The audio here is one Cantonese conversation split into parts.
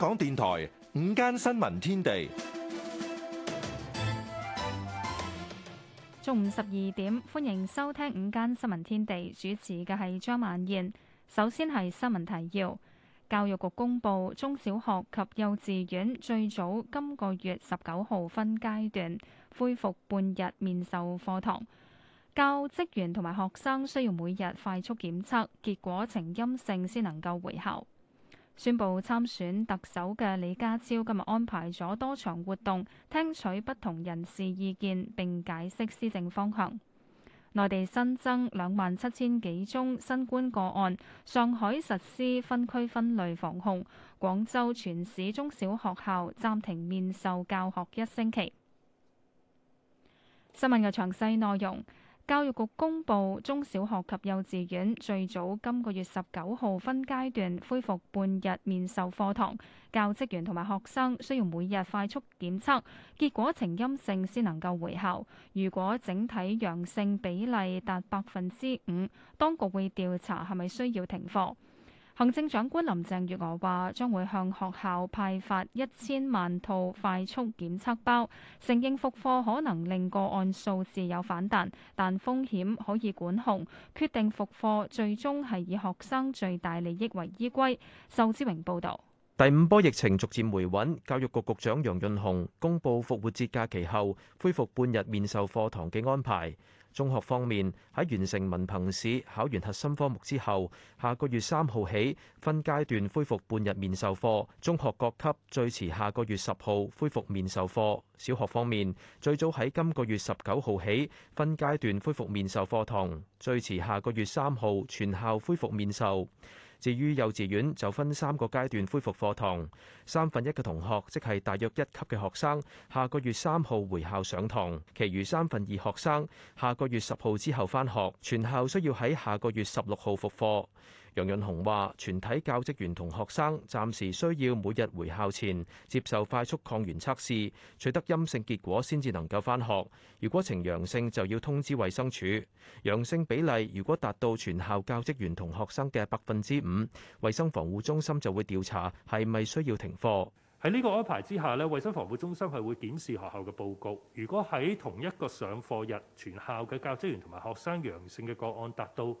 香港電台午間新聞天地，中午十二點，歡迎收聽午間新聞天地，主持嘅係張曼燕。首先係新聞提要：教育局公布中小學及幼稚園最早今個月十九號分階段恢復半日面授課堂，教職員同埋學生需要每日快速檢測，結果呈陰性先能夠回校。宣布參選特首嘅李家超今日安排咗多場活動，聽取不同人士意見，並解釋施政方向。內地新增兩萬七千幾宗新冠個案，上海實施分區分類防控，廣州全市中小學校暫停面授教學一星期。新聞嘅詳細內容。教育局公布中小學及幼稚園最早今個月十九號分階段恢復半日面授課堂，教職員同埋學生需要每日快速檢測，結果呈陰性先能夠回校。如果整體陽性比例達百分之五，當局會調查係咪需要停課。行政長官林鄭月娥話，將會向學校派發一千萬套快速檢測包。承認復課可能令個案數字有反彈，但風險可以管控。決定復課最終係以學生最大利益為依歸。仇志榮報道。第五波疫情逐漸回穩，教育局局長楊潤雄公布復活節假期後恢復半日面授課堂嘅安排。中學方面喺完成文憑試、考完核心科目之後，下個月三號起分階段恢復半日面授課；中學各級最遲下個月十號恢復面授課。小學方面，最早喺今個月十九號起分階段恢復面授課堂，最遲下個月三號全校恢復面授。至於幼稚園就分三個階段恢復課堂，三分一嘅同學，即係大約一級嘅學生，下個月三號回校上堂，其餘三分二學生下個月十號之後返學，全校需要喺下個月十六號復課。楊潤雄話：全體教職員同學生暫時需要每日回校前接受快速抗原測試，取得陰性結果先至能夠返學。如果呈陽性就要通知衛生署。陽性比例如果達到全校教職員同學生嘅百分之五，衛生防護中心就會調查係咪需要停課。喺呢個安排之下呢，衛生防護中心係會檢視學校嘅報告。如果喺同一個上課日全校嘅教職員同埋學生陽性嘅個案達到，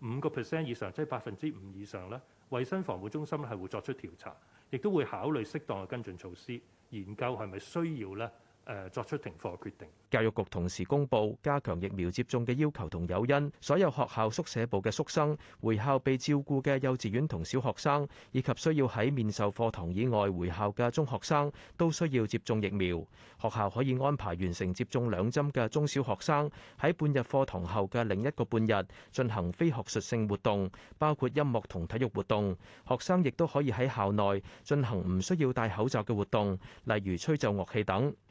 五個 percent 以上，即係百分之五以上咧，衞生防護中心咧係會作出調查，亦都會考慮適當嘅跟進措施，研究係咪需要咧，誒，作出停課決定。教育局同時公布加強疫苗接種嘅要求同誘因，所有學校宿舍部嘅宿生、回校被照顧嘅幼稚園同小學生，以及需要喺面授課堂以外回校嘅中學生，都需要接種疫苗。學校可以安排完成接種兩針嘅中小學生喺半日課堂後嘅另一個半日進行非學術性活動，包括音樂同體育活動。學生亦都可以喺校內進行唔需要戴口罩嘅活動，例如吹奏樂器等。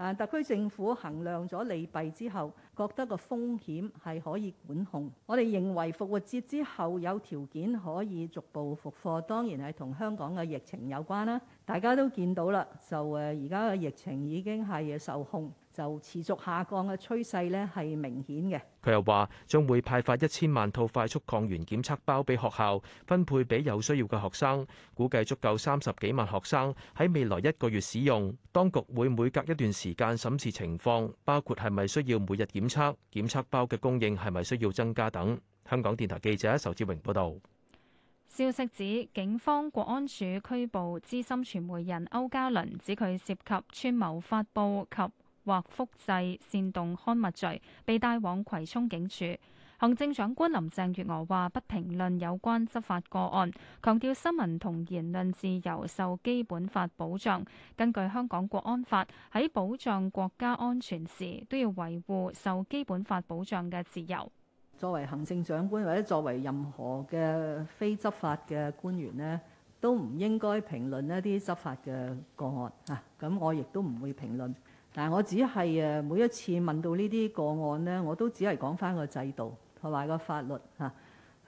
啊！特區政府衡量咗利弊之後，覺得個風險係可以管控。我哋認為復活節之後有條件可以逐步復課，當然係同香港嘅疫情有關啦，啊。大家都見到啦，就誒而家嘅疫情已經係受控。就持續下降嘅趨勢咧，係明顯嘅。佢又話將會派發一千萬套快速抗原檢測包俾學校，分配俾有需要嘅學生，估計足夠三十幾萬學生喺未來一個月使用。當局會每隔一段時間審視情況，包括係咪需要每日檢測、檢測包嘅供應係咪需要增加等。香港電台記者仇志榮報道。消息指警方國安處拘捕資深傳媒人區家麟，指佢涉及串謀發布及或複製煽動刊物罪，被帶往葵涌警署。行政長官林鄭月娥話：不評論有關執法個案，強調新聞同言論自由受基本法保障。根據香港國安法喺保障國家安全時，都要維護受基本法保障嘅自由。作為行政長官或者作為任何嘅非執法嘅官員呢，都唔應該評論一啲執法嘅個案。嚇、啊、咁，我亦都唔會評論。但我只係誒每一次問到呢啲個案呢，我都只係講翻個制度同埋個法律嚇、啊。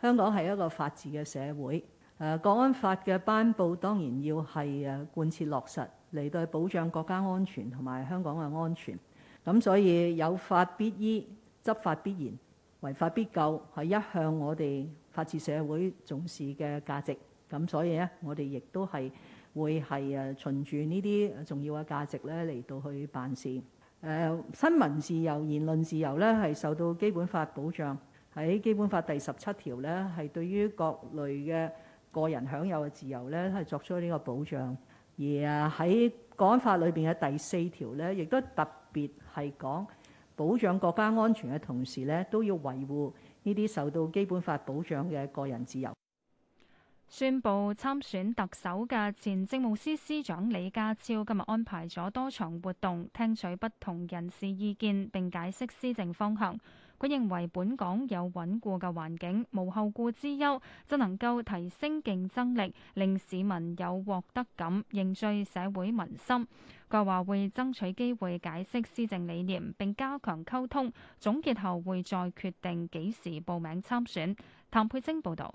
香港係一個法治嘅社會，誒、啊《國安法》嘅頒布當然要係誒貫徹落實嚟到保障國家安全同埋香港嘅安全。咁所以有法必依、執法必嚴、違法必究係一向我哋法治社會重視嘅價值。咁所以呢，我哋亦都係，會係誒循住呢啲重要嘅價值咧嚟到去辦事，誒、呃、新聞自由、言論自由咧係受到基本法保障。喺基本法第十七條咧係對於各類嘅個人享有嘅自由咧係作出呢個保障，而喺《國安法》裏邊嘅第四條咧，亦都特別係講保障國家安全嘅同時咧，都要維護呢啲受到基本法保障嘅個人自由。宣布參選特首嘅前政務司司長李家超今日安排咗多場活動，聽取不同人士意見，並解釋施政方向。佢認為本港有穩固嘅環境，無後顧之憂，就能夠提升競爭力，令市民有獲得感，凝聚社會民心。佢話會爭取機會解釋施政理念，並加強溝通。總結後會再決定幾時報名參選。譚佩晶報導。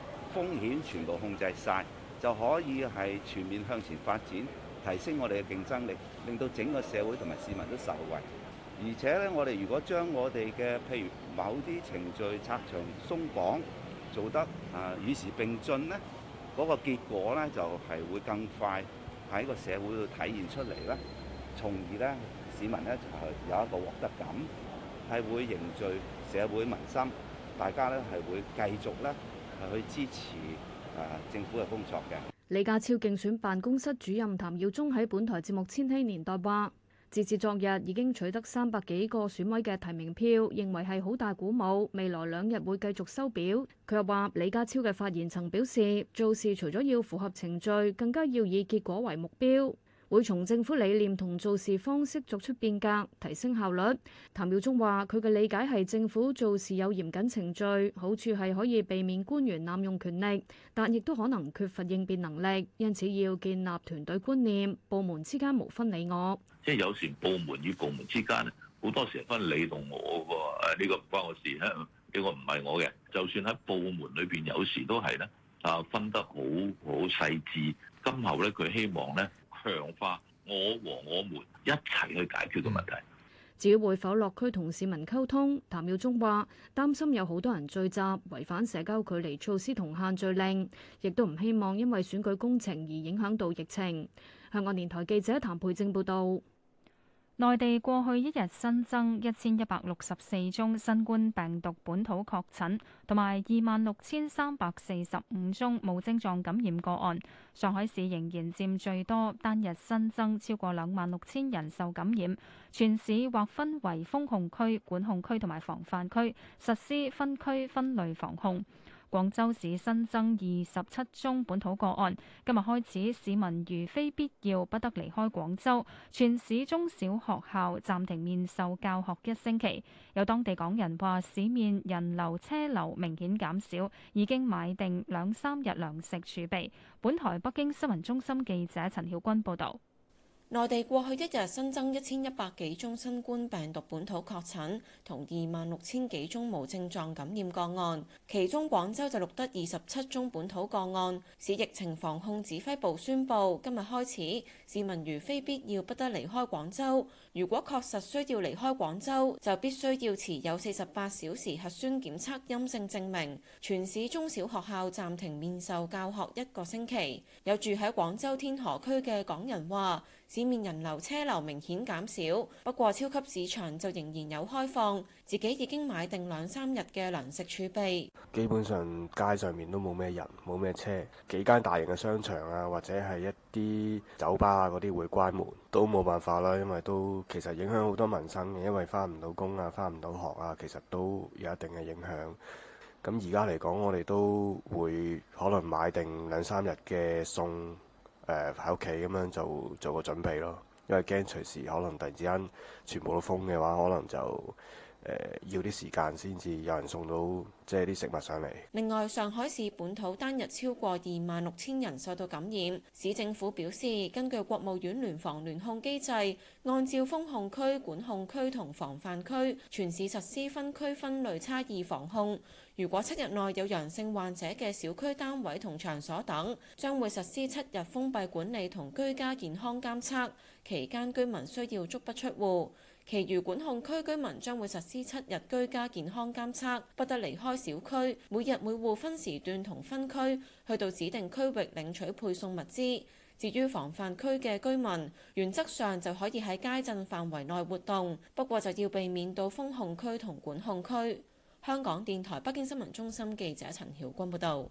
風險全部控制曬，就可以係全面向前發展，提升我哋嘅競爭力，令到整個社會同埋市民都受惠。而且咧，我哋如果將我哋嘅譬如某啲程序拆牆鬆綁做得啊與時並進咧，嗰個結果咧就係會更快喺個社會度體現出嚟咧，從而咧市民咧就係有一個獲得感，係會凝聚社會民心，大家咧係會繼續咧。係去支持政府嘅工作嘅。李家超競選辦公室主任譚耀宗喺本台節目《千禧年代》話，截至昨日已經取得三百幾個選委嘅提名票，認為係好大鼓舞。未來兩日會繼續收表。佢又話，李家超嘅發言曾表示，做事除咗要符合程序，更加要以結果為目標。會從政府理念同做事方式作出變革，提升效率。譚耀宗話：佢嘅理解係政府做事有嚴謹程序，好處係可以避免官員濫用權力，但亦都可能缺乏應變能力。因此要建立團隊觀念，部門之間無分你我。即係有時部門與部門之間，好多時分你同我喎，誒呢個唔關我事咧，呢個唔係我嘅。就算喺部門裏邊，有時都係咧，啊分得好好細致。今後咧，佢希望咧。強化我和我們一齊去解決嘅問題。至於會否落區同市民溝通，譚耀宗話擔心有好多人聚集，違反社交距離措施同限聚令，亦都唔希望因為選舉工程而影響到疫情。香港電台記者譚佩正報道。內地過去一日新增一千一百六十四宗新冠病毒本土確診，同埋二萬六千三百四十五宗無症狀感染個案。上海市仍然佔最多，單日新增超過兩萬六千人受感染，全市劃分為封控區、管控區同埋防範區，實施分區分類防控。廣州市新增二十七宗本土個案，今日開始，市民如非必要不得離開廣州，全市中小學校暫停面授教學一星期。有當地港人話，市面人流車流明顯減少，已經買定兩三日糧食儲備。本台北京新聞中心記者陳曉君報道。內地過去一日新增一千一百幾宗新冠病毒本土確診，同二萬六千幾宗無症狀感染個案，其中廣州就錄得二十七宗本土個案。市疫情防控指揮部宣布，今日開始，市民如非必要不得離開廣州。如果確實需要離開廣州，就必須要持有四十八小時核酸檢測陰性證明。全市中小學校暫停面授教學一個星期。有住喺廣州天河區嘅港人話：市面人流車流明顯減少，不過超級市場就仍然有開放。自己已經買定兩三日嘅糧食儲備。基本上街上面都冇咩人，冇咩車，幾間大型嘅商場啊，或者係一啲酒吧啊，嗰啲會關門。都冇辦法啦，因為都其實影響好多民生嘅，因為返唔到工啊，返唔到學啊，其實都有一定嘅影響。咁而家嚟講，我哋都會可能買定兩三日嘅餸，誒喺屋企咁樣做做個準備咯，因為驚隨時可能突然之間全部都封嘅話，可能就～誒要啲時間先至有人送到，即係啲食物上嚟。另外，上海市本土單日超過二萬六千人受到感染。市政府表示，根據國務院聯防聯控機制，按照封控區、管控區同防範區，全市實施分區分類差異防控。如果七日內有陽性患者嘅小區、單位同場所等，將會實施七日封閉管理同居家健康監測，期間居民需要足不出戶。其餘管控區居民將會實施七日居家健康監測，不得離開小區，每日每戶分時段同分區去到指定區域領取配送物資。至於防範區嘅居民，原則上就可以喺街鎮範圍內活動，不過就要避免到封控區同管控區。香港電台北京新聞中心記者陳曉君報道。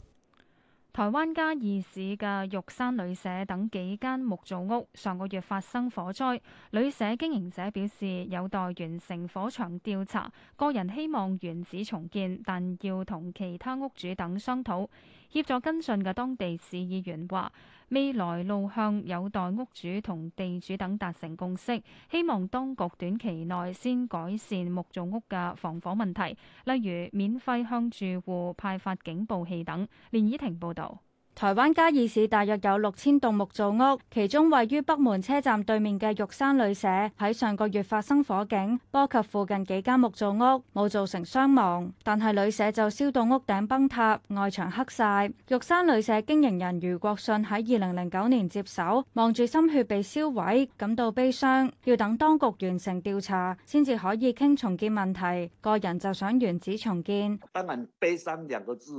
台灣嘉義市嘅玉山旅社等幾間木造屋上個月發生火災，旅社經營者表示有待完成火場調查，個人希望原址重建，但要同其他屋主等商討。協助跟進嘅當地市議員話，未來路向有待屋主同地主等達成共識，希望當局短期內先改善木造屋嘅防火問題，例如免費向住戶派發警報器等。連倚婷報導。台灣嘉義市大約有六千棟木造屋，其中位於北門車站對面嘅玉山旅社喺上個月發生火警，波及附近幾間木造屋，冇造成傷亡，但係旅社就燒到屋頂崩塌，外牆黑晒。玉山旅社經營人余國信喺二零零九年接手，望住心血被燒毀，感到悲傷。要等當局完成調查，先至可以傾重建問題。個人就想原址重建。當然，悲傷兩個字，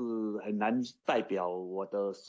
很難代表我的。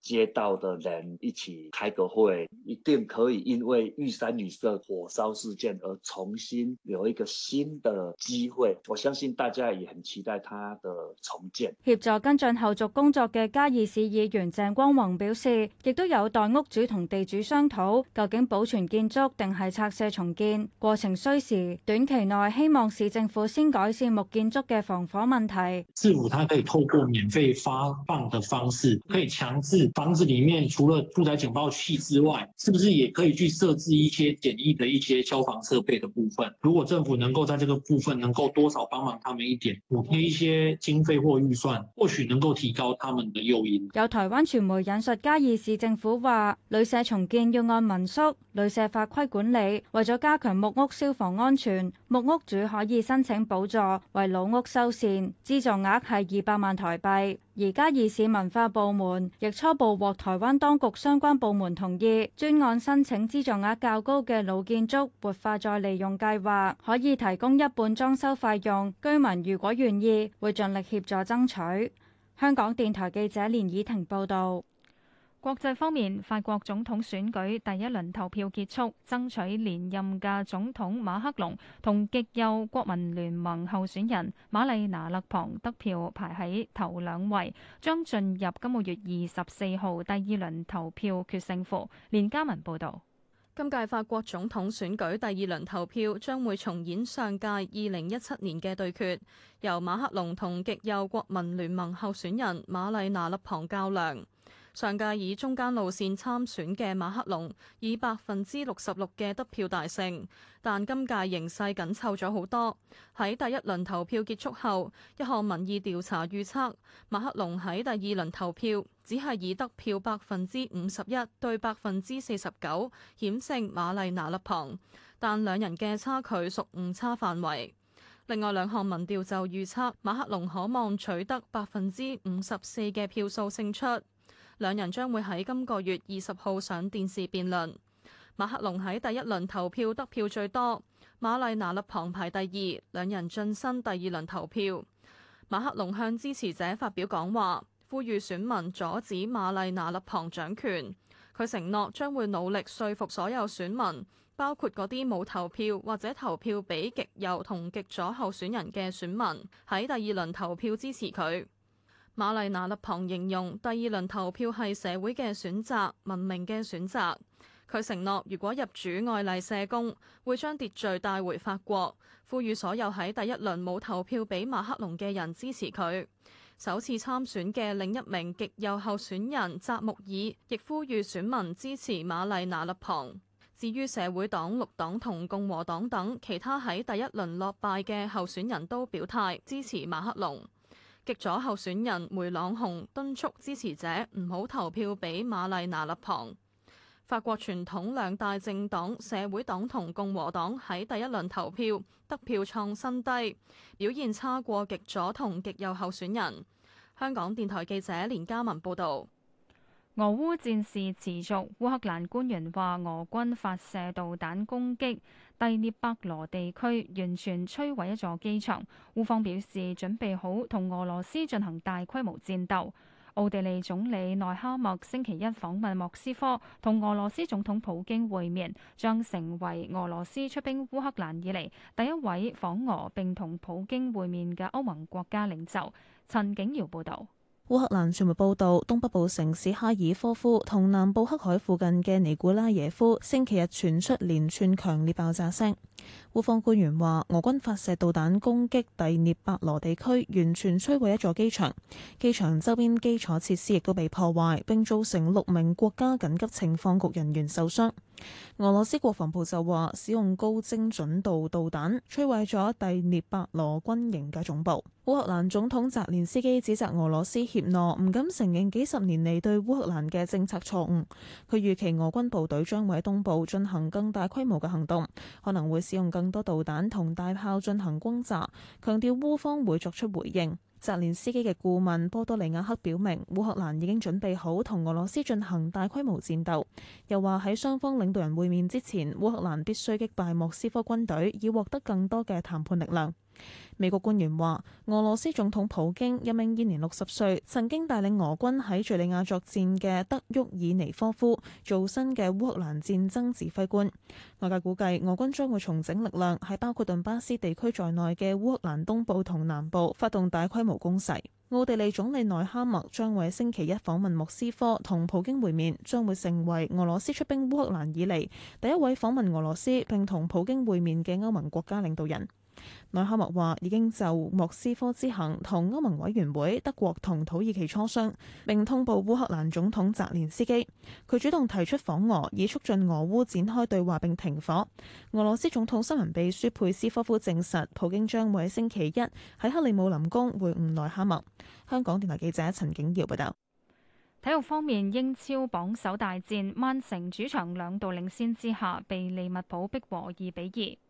街道的人一起開個會，一定可以因為玉山旅社火燒事件而重新有一個新的機會。我相信大家也很期待它的重建。協助跟進後續工作嘅嘉義市議員鄭光宏表示，亦都有待屋主同地主商討，究竟保存建築定係拆卸重建。過程需時，短期內希望市政府先改善木建築嘅防火問題。政府可以透過免費發放嘅方式，可以強制？房子裏面除了住宅警報器之外，是不是也可以去設置一些簡易的一些消防設備的部分？如果政府能夠在這個部分能夠多少幫忙他們一點，補貼一些經費或預算，或許能夠提高他們的誘因。有台灣傳媒引述嘉義市政府話，旅社重建要按民宿旅社法規管理，為咗加強木屋消防安全，木屋主可以申請補助為老屋修繕，資助額係二百萬台幣。而家二市文化部門亦初步獲台灣當局相關部門同意，專案申請資助額較高嘅老建築活化再利用計劃，可以提供一半裝修費用。居民如果願意，會盡力協助爭取。香港電台記者連以婷報道。國際方面，法國總統選舉第一輪投票結束，爭取連任嘅總統馬克龍同極右國民聯盟候選人瑪麗拿勒龐得票排喺頭兩位，將進入今個月二十四號第二輪投票決勝負。連家文報道，今屆法國總統選舉第二輪投票將會重演上屆二零一七年嘅對決，由馬克龍同極右國民聯盟候選人瑪麗拿勒龐較量。上屆以中間路線參選嘅馬克龍以百分之六十六嘅得票大勝，但今屆形勢緊湊咗好多。喺第一輪投票結束後，一項民意調查預測馬克龍喺第二輪投票只係以得票百分之五十一對百分之四十九險勝馬麗娜勒龐，但兩人嘅差距屬誤差範圍。另外兩項民調就預測馬克龍可望取得百分之五十四嘅票數勝出。兩人將會喺今個月二十號上電視辯論。馬克龍喺第一輪投票得票最多，馬麗娜勒龐排第二，兩人晉身第二輪投票。馬克龍向支持者發表講話，呼籲選民阻止馬麗娜勒龐掌權。佢承諾將會努力說服所有選民，包括嗰啲冇投票或者投票俾極右同極左候選人嘅選民，喺第二輪投票支持佢。瑪麗娜勒龐形容第二輪投票係社會嘅選擇、文明嘅選擇。佢承諾如果入主愛麗舍宮，會將秩序帶回法國，呼籲所有喺第一輪冇投票俾馬克龍嘅人支持佢。首次參選嘅另一名極右候選人扎穆爾亦呼籲選民支持瑪麗娜勒龐。至於社會黨、綠黨同共和黨等其他喺第一輪落敗嘅候選人都表態支持馬克龍。極左候選人梅朗雄敦促支持者唔好投票俾馬麗娜立旁。法國傳統兩大政黨社會黨同共和黨喺第一輪投票得票創新低，表現差過極左同極右候選人。香港電台記者連嘉文報道。俄烏戰事持續，烏克蘭官員話俄軍發射導彈攻擊。蒂涅伯羅地區完全摧毀一座機場，烏方表示準備好同俄羅斯進行大規模戰鬥。奧地利總理內哈默星期一訪問莫斯科，同俄羅斯總統普京會面，將成為俄羅斯出兵烏克蘭以嚟第一位訪俄並同普京會面嘅歐盟國家領袖。陳景堯報道。烏克蘭傳媒報道，東北部城市哈爾科夫同南部黑海附近嘅尼古拉耶夫星期日傳出連串強烈爆炸聲。烏方官員話，俄軍發射導彈攻擊第聶伯羅地區，完全摧毀一座機場，機場周邊基礎設施亦都被破壞，並造成六名國家緊急情況局人員受傷。俄羅斯國防部就話，使用高精準度導彈摧毀咗第聶伯羅軍營嘅總部。烏克蘭總統澤連斯基指責俄羅斯怯懦，唔敢承認幾十年嚟對烏克蘭嘅政策錯誤。佢預期俄軍部隊將會喺東部進行更大規模嘅行動，可能會使用更多導彈同大炮進行轟炸，強調烏方會作出回應。澤連斯基嘅顧問波多利亞克表明，烏克蘭已經準備好同俄羅斯進行大規模戰鬥，又話喺雙方領導人會面之前，烏克蘭必須擊敗莫斯科軍隊，以獲得更多嘅談判力量。美國官員話，俄羅斯總統普京任命現年六十歲、曾經帶領俄軍喺敘利亞作戰嘅德沃爾尼科夫做新嘅烏克蘭戰爭指揮官。外界估計，俄軍將會重整力量，喺包括頓巴斯地區在內嘅烏克蘭東部同南部發動大規模攻勢。奧地利總理內哈默將會星期一訪問莫斯科同普京會面，將會成為俄羅斯出兵烏克蘭以嚟第一位訪問俄羅斯並同普京會面嘅歐盟國家領導人。內哈默話已經就莫斯科之行同歐盟委員會、德國同土耳其磋商，並通報烏克蘭總統澤連斯基。佢主動提出訪俄，以促進俄烏展開對話並停火。俄羅斯總統新聞秘書佩斯科夫證實，普京將會喺星期一喺克里姆林宮會晤內哈默。香港電台記者陳景堯報道。體育方面，英超榜首大戰，曼城主場兩度領先之下，被利物浦逼和二比二。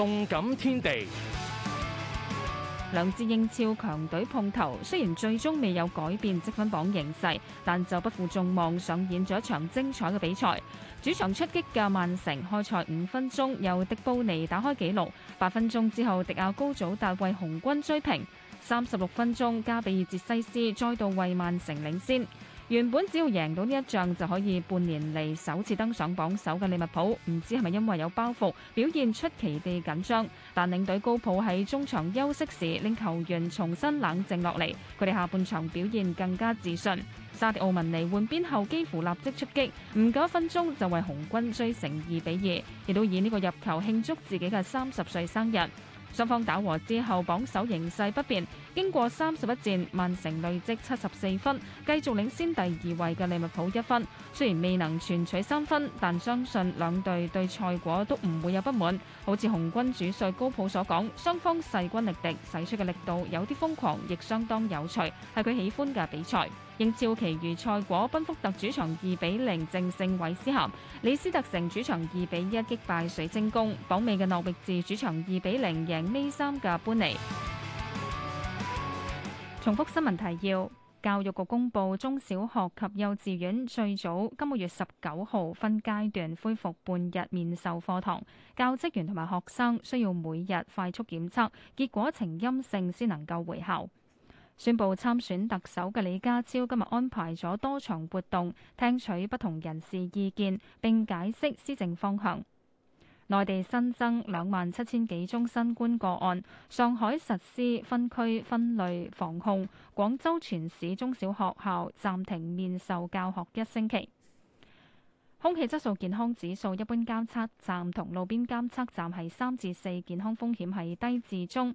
動感天地，兩支英超強隊碰頭，雖然最終未有改變積分榜形勢，但就不負眾望上演咗一場精彩嘅比賽。主場出擊嘅曼城，開賽五分鐘由迪布尼打開紀錄，八分鐘之後迪亞高祖達為紅軍追平，三十六分鐘加比爾哲西斯再度為曼城領先。原本只要贏到呢一仗，就可以半年嚟首次登上榜首嘅利物浦，唔知係咪因為有包袱，表現出奇地緊張。但領隊高普喺中場休息時，令球員重新冷靜落嚟，佢哋下半場表現更加自信。沙迪奧文尼換邊後幾乎立即出擊，唔夠一分鐘就為紅軍追成二比二，亦都以呢個入球慶祝自己嘅三十歲生日。雙方打和之後，榜首形勢不變。經過三十一戰，曼城累積七十四分，繼續領先第二位嘅利物浦一分。雖然未能全取三分，但相信兩隊對賽果都唔會有不滿。好似紅軍主帥高普所講，雙方勢均力敵，使出嘅力度有啲瘋狂，亦相當有趣，係佢喜歡嘅比賽。英超其餘賽果：賓福特主場二比零淨勝韋斯咸，李斯特城主場二比一擊敗水晶宮，榜尾嘅諾域治主場二比零贏尾三嘅般尼。重複新聞提要。教育局公布中小學及幼稚園最早今個月十九號分階段恢復半日面授課堂，教職員同埋學生需要每日快速檢測，結果呈陰性先能夠回校。宣布參選特首嘅李家超今日安排咗多場活動，聽取不同人士意見，並解釋施政方向。內地新增兩萬七千幾宗新冠個案，上海實施分區分類防控，廣州全市中小學校暫停面授教學一星期。空氣質素健康指數，一般監測站同路邊監測站係三至四，健康風險係低至中。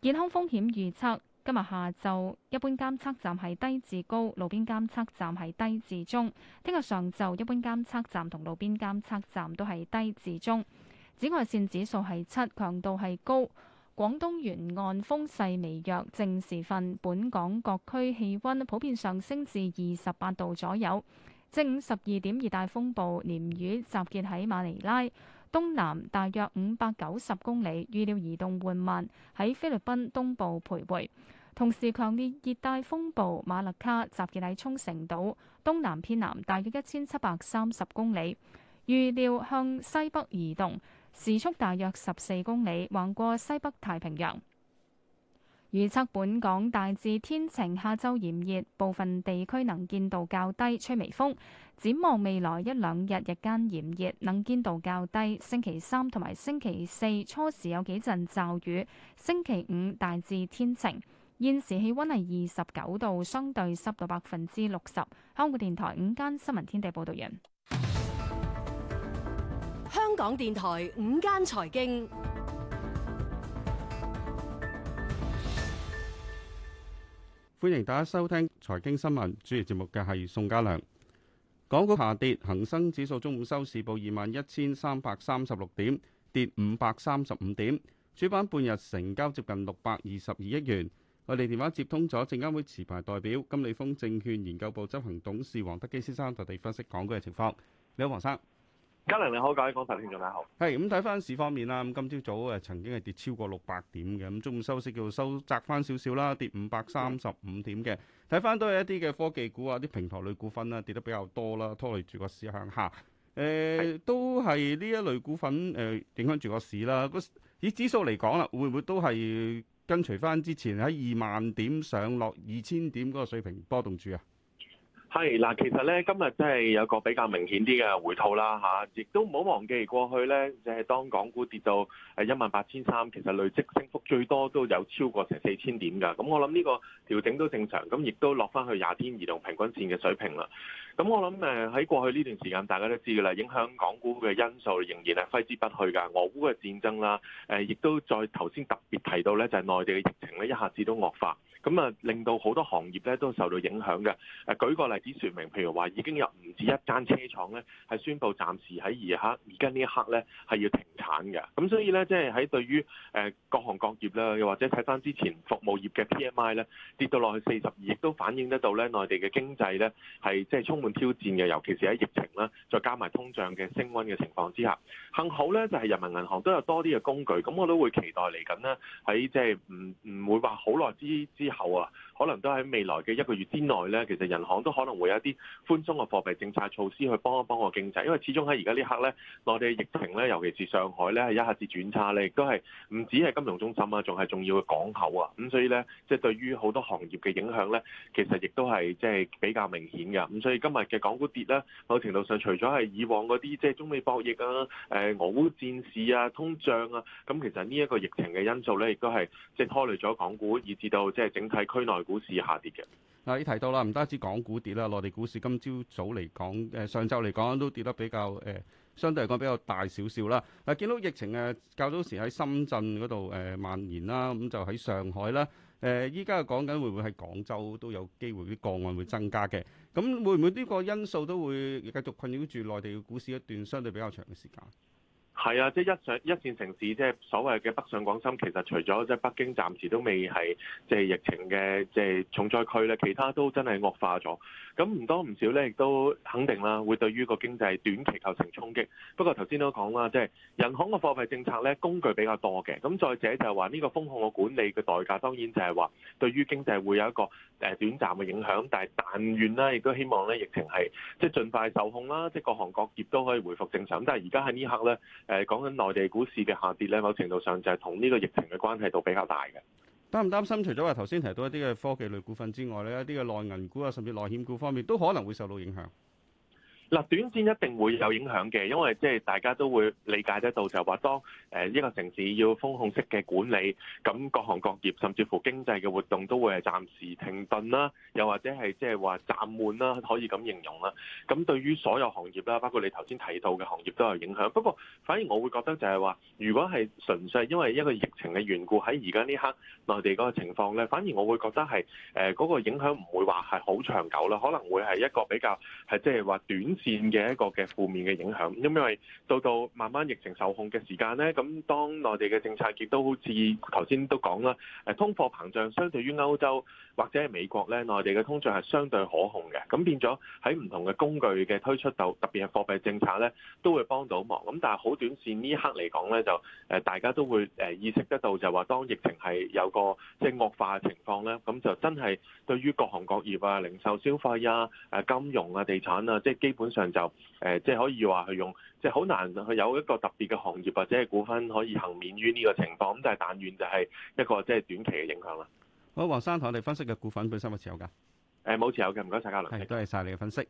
健康風險預測。今日下晝一般監測站係低至高，路邊監測站係低至中。聽日上晝一般監測站同路邊監測站都係低至中。紫外線指數係七，強度係高。廣東沿岸風勢微弱，正時分本港各區氣温普遍上升至二十八度左右。正午十二點，熱帶風暴鯰魚集結喺馬尼拉東南，大約五百九十公里，預料移動緩慢，喺菲律賓東部徘徊。同時，強烈熱帶風暴馬勒卡集結喺沖繩島東南偏南，大約一千七百三十公里，預料向西北移動，時速大約十四公里，橫過西北太平洋。預測本港大致天晴，下晝炎熱，部分地區能見度較低，吹微風。展望未來一兩日日間炎熱，能見度較低。星期三同埋星期四初時有幾陣驟雨，星期五大致天晴。現時氣溫係二十九度，相對濕度百分之六十。香港電台午間新聞天地報道人：「香港電台午間財經，歡迎大家收聽財經新聞。主持節目嘅係宋家良。港股下跌，恒生指數中午收市報二萬一千三百三十六點，跌五百三十五點。主板半日成交接近六百二十二億元。我哋電話接通咗證監會持牌代表金利豐證券研究部執行董事黃德基先生，特地分析港股嘅情況。你好，黃生，嘉玲，你好，各位觀眾聽眾，大家好。係咁，睇翻市方面啦，咁今朝早誒，曾經係跌超過六百點嘅，咁中午收市叫做收窄翻少少啦，跌五百三十五點嘅。睇翻都係一啲嘅科技股啊，啲平台類股份啊，跌得比較多啦，拖累住個市向下。誒、呃，的都係呢一類股份誒影響住個市啦。以指數嚟講啦，會唔會都係？跟隨返之前喺二萬點上落二千點嗰個水平波動住啊。係嗱，其實咧今日真係有個比較明顯啲嘅回吐啦嚇，亦都唔好忘記過去咧，就係當港股跌到誒一萬八千三，其實累積升幅最多都有超過成四千點㗎。咁我諗呢個調整都正常，咁亦都落翻去廿天移動平均線嘅水平啦。咁我諗誒喺過去呢段時間，大家都知㗎啦，影響港股嘅因素仍然係揮之不去㗎，俄烏嘅戰爭啦，誒亦都再頭先特別提到咧，就係內地嘅疫情咧，一下子都惡化。咁啊，令到好多行業咧都受到影響嘅。誒，舉個例子説明，譬如話已經有唔止一間車廠咧，係宣布暫時喺而家、而家呢一刻咧係要停產嘅。咁所以咧，即係喺對於誒各行各業啦，又或者睇翻之前服務業嘅 PMI 咧跌到落去四十二，亦都反映得到咧內地嘅經濟咧係即係充滿挑戰嘅，尤其是喺疫情啦，再加埋通脹嘅升溫嘅情況之下。幸好咧，就係人民銀行都有多啲嘅工具，咁我都會期待嚟緊咧喺即係唔唔會話好耐之之後。後啊，可能都喺未來嘅一個月之內呢，其實人行都可能會有一啲寬鬆嘅貨幣政策措施去幫一幫個經濟，因為始終喺而家呢刻呢，內地疫情呢，尤其是上海呢，係一下子轉差呢，亦都係唔止係金融中心啊，仲係重要嘅港口啊，咁所以呢，即係對於好多行業嘅影響呢，其實亦都係即係比較明顯嘅。咁所以今日嘅港股跌呢，某程度上除咗係以往嗰啲即係中美博弈啊、誒俄烏戰事啊、通脹啊，咁其實呢一個疫情嘅因素呢，亦都係即係拖累咗港股，以至到即係整。係區內股市下跌嘅。嗱，你提到啦，唔單止港股跌啦，內地股市今朝早嚟講，誒，上晝嚟講都跌得比較誒、欸，相對嚟講比較大少少啦。嗱、啊，見到疫情誒、啊，較早時喺深圳嗰度誒蔓延啦，咁、啊、就喺上海啦，誒、啊，依家又講緊會唔會喺廣州都有機會啲個案會增加嘅？咁會唔會呢個因素都會繼續困擾住內地嘅股市一段相對比較長嘅時間？係啊，即係一上一線城市，即係所謂嘅北上廣深，其實除咗即係北京，暫時都未係即係疫情嘅即係重災區咧，其他都真係惡化咗。咁唔多唔少咧，亦都肯定啦，會對於個經濟短期構成衝擊。不過頭先都講啦，即係銀行嘅貨幣政策咧，工具比較多嘅。咁再者就係話，呢個風控嘅管理嘅代價，當然就係話對於經濟會有一個誒，短暫嘅影響。但係但願啦，亦都希望咧，疫情係即係盡快受控啦，即係各行各業都可以回復正常。但係而家喺呢刻咧，誒講緊內地股市嘅下跌咧，某程度上就係同呢個疫情嘅關係度比較大嘅。擔唔擔心？除咗話頭先提到一啲嘅科技類股份之外咧，一啲嘅內銀股啊，甚至內險股方面，都可能會受到影響。嗱，短線一定會有影響嘅，因為即係大家都會理解得到，就係話當誒一個城市要封控式嘅管理，咁各行各業甚至乎經濟嘅活動都會係暫時停頓啦，又或者係即係話暫緩啦，可以咁形容啦。咁對於所有行業啦，包括你頭先提到嘅行業都有影響。不過反而我會覺得就係話，如果係純粹因為一個疫情嘅緣故，喺而家呢刻內地嗰個情況咧，反而我會覺得係誒嗰個影響唔會話係好長久啦，可能會係一個比較係即係話短線嘅一個嘅負面嘅影響，因為到到慢慢疫情受控嘅時間呢，咁當內地嘅政策亦都好似頭先都講啦，誒通貨膨脹相對於歐洲或者係美國呢，內地嘅通脹係相對可控嘅，咁變咗喺唔同嘅工具嘅推出度，特別係貨幣政策呢都會幫到忙。咁但係好短線呢一刻嚟講呢，就誒大家都會誒意識得到，就話當疫情係有個即係、就是、惡化嘅情況呢，咁就真係對於各行各業啊、零售消費啊、誒金融啊、地產啊，即係基本。本上就誒，即係可以話係用，即係好難去有一個特別嘅行業或者係股份可以幸免於呢個情況。咁但係但願就係一個即係短期嘅影響啦。好，黃生同我哋分析嘅股份本身有持有噶？誒、欸，冇持有嘅，唔該晒，嘉良。係，多謝晒你嘅分析。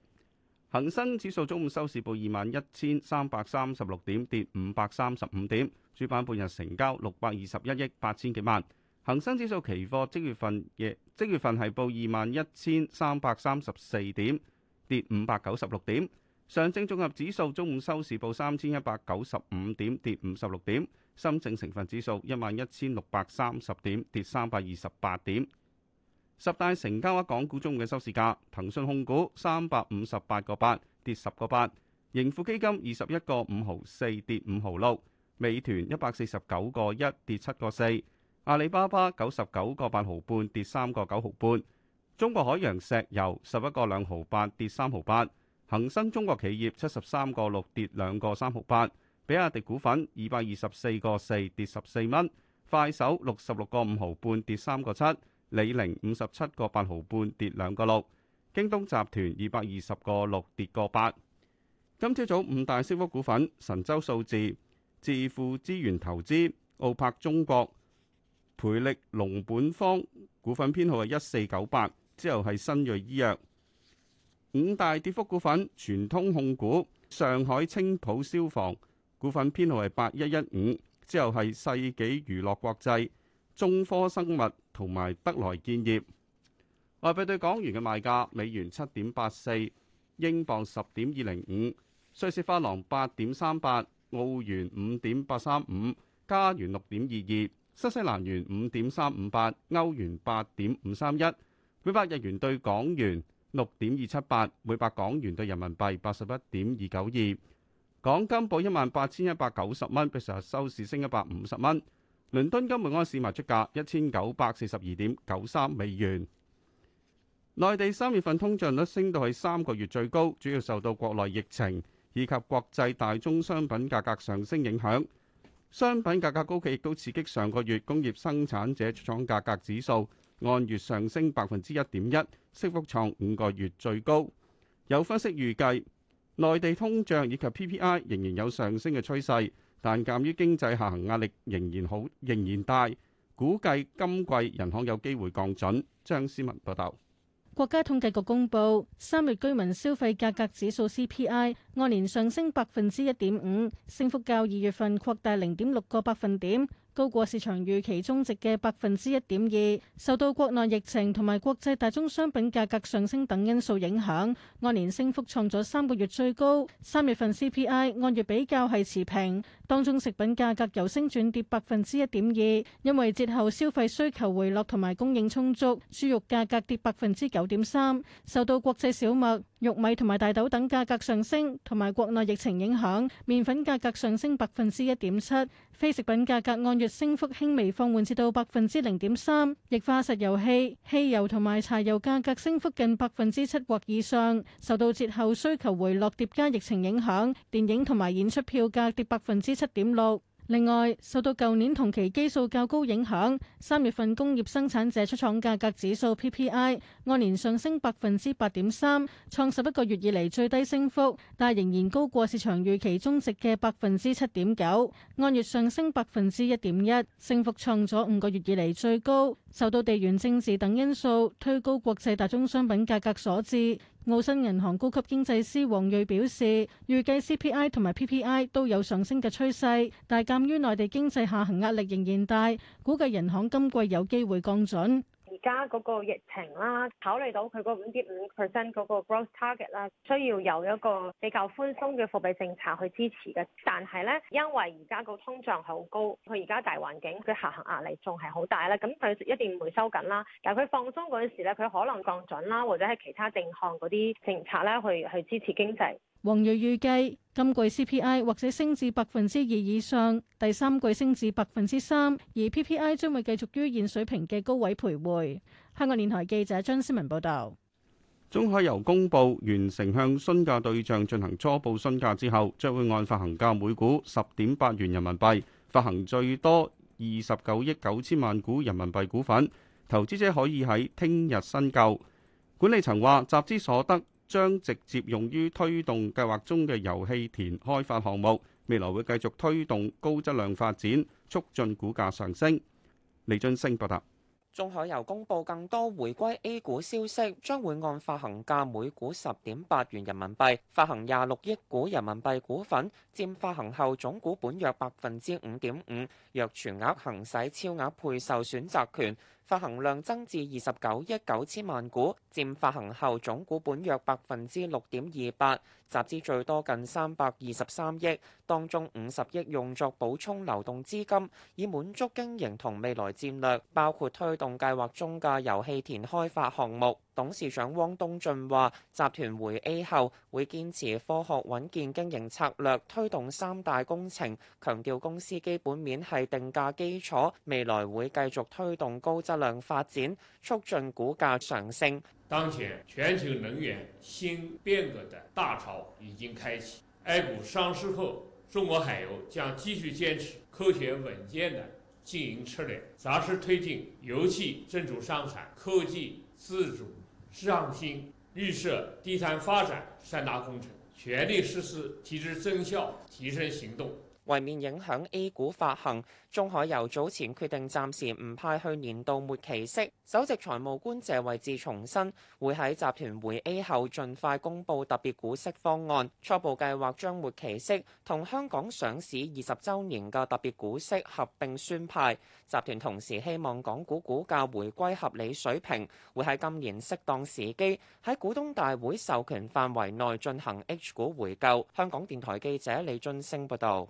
恒生指數中午收市報二萬一千三百三十六點，跌五百三十五點。主板半日成交六百二十一億八千幾萬。恒生指數期貨即月份嘅即月份係報二萬一千三百三十四點。跌五百九十六點，上證綜合指數中午收市報三千一百九十五點，跌五十六點。深證成分指數一萬一千六百三十點，跌三百二十八點。十大成交額港股中午嘅收市價，騰訊控股三百五十八個八，跌十個八。盈富基金二十一個五毫四，跌五毫六。美團一百四十九個一，跌七個四。阿里巴巴九十九個八毫半，跌三個九毫半。中國海洋石油十一個兩毫八，跌三毫八，恒生中國企業七十三個六，跌兩個三毫八，比亞迪股份二百二十四個四，跌十四蚊，快手六十六個五毫半，跌三個七，李寧五十七個八毫半，跌兩個六，京東集團二百二十個六，跌個八。今朝早五大升幅股份：神州數字、智富資源投資、奧柏中國、培力龍本方股份，編號係一四九八。之後係新銳醫藥。五大跌幅股份全通控股、上海青浦消防股份編號係八一一五，之後係世紀娛樂國際、中科生物同埋德來建業。外幣對港元嘅賣價，美元七點八四，英鎊十點二零五，瑞士法郎八點三八，澳元五點八三五，加元六點二二，新西蘭元五點三五八，歐元八點五三一。每百日元兌港元六點二七八，每百港元兌人民幣八十一點二九二。港金報一萬八千一百九十蚊，比上日收市升一百五十蚊。倫敦金每盎司賣出價一千九百四十二點九三美元。內地三月份通脹率升到係三個月最高，主要受到國內疫情以及國際大宗商品價格上升影響。商品價格高企亦都刺激上個月工業生產者出廠價格指數。按月上升百分之一點一，升幅創五個月最高。有分析預計，內地通脹以及 PPI 仍然有上升嘅趨勢，但鑑於經濟下行壓力仍然好仍然大，估計今季人行有機會降準。張思文報道。國家統計局公佈三月居民消費價格指數 CPI 按年上升百分之一點五，升幅較二月份擴大零點六個百分點。高過市場預期中值嘅百分之一點二，受到國內疫情同埋國際大宗商品價格上升等因素影響，按年升幅創咗三個月最高。三月份 CPI 按月比較係持平。當中食品價格由升轉跌百分之一點二，因為節後消費需求回落同埋供應充足。豬肉價格跌百分之九點三，受到國際小麥、玉米同埋大豆等價格上升同埋國內疫情影響，麵粉價格上升百分之一點七。非食品價格按月升幅輕微放緩，至到百分之零點三。液化石油氣、汽油同埋柴油價格升幅近百分之七或以上，受到節後需求回落疊加疫情影響，電影同埋演出票價跌百分之七點六。另外，受到舊年同期基數較高影響，三月份工業生產者出廠價格指數 PPI 按年上升百分之八點三，創十一個月以嚟最低升幅，但仍然高過市場預期中值嘅百分之七點九，按月上升百分之一點一，升幅創咗五個月以嚟最高。受到地緣政治等因素推高國際大宗商品價格所致。澳新銀行高級經濟師王瑞表示，預計 CPI 同埋 PPI 都有上升嘅趨勢，但鑑於內地經濟下行壓力仍然大，估計人行今季有機會降準。而家嗰個疫情啦，考慮到佢嗰五點五 percent 嗰個 growth target 啦，需要有一個比較寬鬆嘅貨幣政策去支持嘅。但係咧，因為而家個通脹係好高，佢而家大環境佢下行壓力仲係好大啦，咁佢一定唔會收緊啦。但係佢放鬆嗰陣時咧，佢可能降準啦，或者係其他定向嗰啲政策咧去去支持經濟。黃瑞預計今季 CPI 或者升至百分之二以上，第三季升至百分之三，而 PPI 將會繼續於現水平嘅高位徘徊。香港電台記者張思文報道。中海油公佈完成向詢價對象進行初步詢價之後，將會按發行價每股十點八元人民幣發行最多二十九億九千萬股人民幣股份，投資者可以喺聽日申購。管理層話集資所得將直接用於推動計劃中嘅油氣田開發項目，未來會繼續推動高質量發展，促進股價上升。李晉升報道，中海油公布更多回歸 A 股消息，將會按發行價每股十點八元人民幣發行廿六億股人民幣股份，佔發行後總股本約百分之五點五，若全額行使超額配售選擇權。發行量增至二十九億九千萬股，佔發行後總股本約百分之六點二八，集資最多近三百二十三億，當中五十億用作補充流動資金，以滿足經營同未來戰略，包括推動計劃中嘅油氣田開發項目。董事長汪東進話：集團回 A 後會堅持科學穩健經營策略，推動三大工程，強調公司基本面係定價基礎，未來會繼續推動高質量發展，促進股價上升。當前全球能源新變革的大潮已經開啟，A 股上市後，中國海油將繼續堅持科學穩健的經營策略，扎實推進油氣正主生產、科技自主，上新、綠色、低碳發展三大工程，全力實施提質增效提升行動。為免影響 A 股發行，中海油早前決定暫時唔派去年度末期息。首席財務官謝維志重申，會喺集團回 A 後盡快公佈特別股息方案，初步計劃將末期息同香港上市二十週年嘅特別股息合併宣派。集團同時希望港股股價回歸合理水平，會喺今年適當時機喺股東大會授權範圍內進行 H 股回購。香港電台記者李俊升報導。